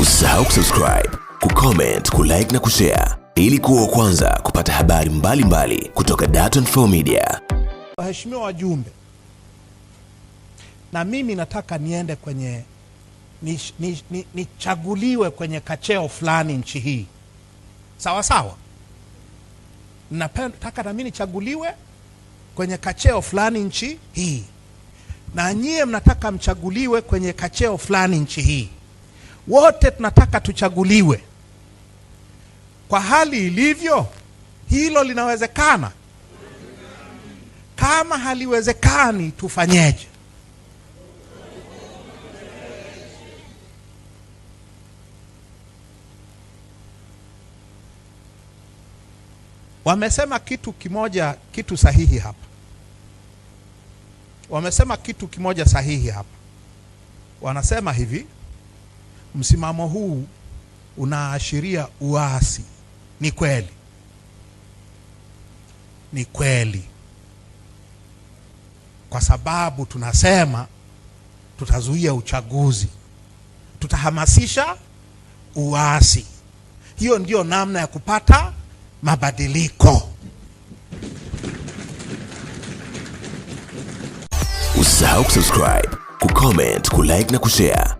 Usisahau kusubscribe, kucomment, kulike na kushare ili kuwa kwanza kupata habari mbalimbali mbali kutoka Dar24 Media. Waheshimiwa wajumbe, na mimi nataka niende kwenye nichaguliwe ni, ni, ni kwenye kacheo fulani nchi hii, sawa sawa. Nataka nami nichaguliwe kwenye kacheo fulani nchi hii, na nyie mnataka mchaguliwe kwenye kacheo fulani nchi hii. Wote tunataka tuchaguliwe. Kwa hali ilivyo, hilo linawezekana? Kama haliwezekani, tufanyeje? Wamesema kitu kimoja, kitu sahihi hapa. Wamesema kitu kimoja sahihi hapa. Wanasema hivi Msimamo huu unaashiria uasi. Ni kweli, ni kweli, kwa sababu tunasema tutazuia uchaguzi, tutahamasisha uasi. Hiyo ndiyo namna ya kupata mabadiliko. Usisahau kusubscribe, kucomment, kulike na kushare